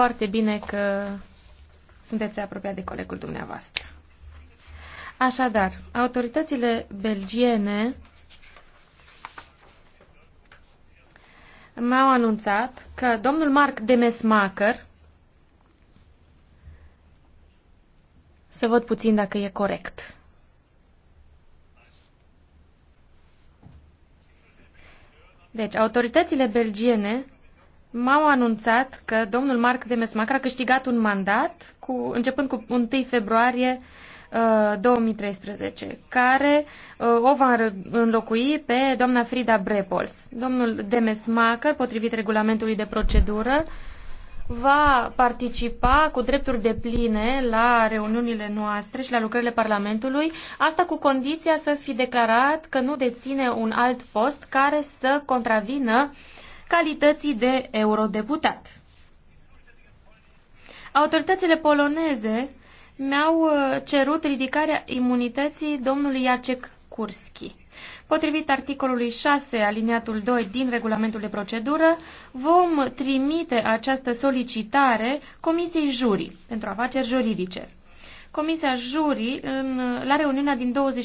foarte bine că sunteți apropiat de colegul dumneavoastră. Așadar, autoritățile belgiene mi-au anunțat că domnul Marc Demesmacher, să văd puțin dacă e corect, Deci, autoritățile belgiene m-au anunțat că domnul Marc Demesmacra a câștigat un mandat cu, începând cu 1 februarie 2013, uh, care uh, o va înlocui pe doamna Frida Brepols. Domnul Demesmacher, potrivit regulamentului de procedură, va participa cu drepturi de pline la reuniunile noastre și la lucrările Parlamentului, asta cu condiția să fi declarat că nu deține un alt post care să contravină uh, calității de eurodeputat. Autoritățile poloneze mi-au uh, cerut ridicarea imunității domnului Iacek Kurski. Potrivit articolului 6, aliniatul 2 din regulamentul de procedură, vom trimite această solicitare Comisiei Jurii pentru afaceri juridice. Comisia Jurii, în, la reuniunea din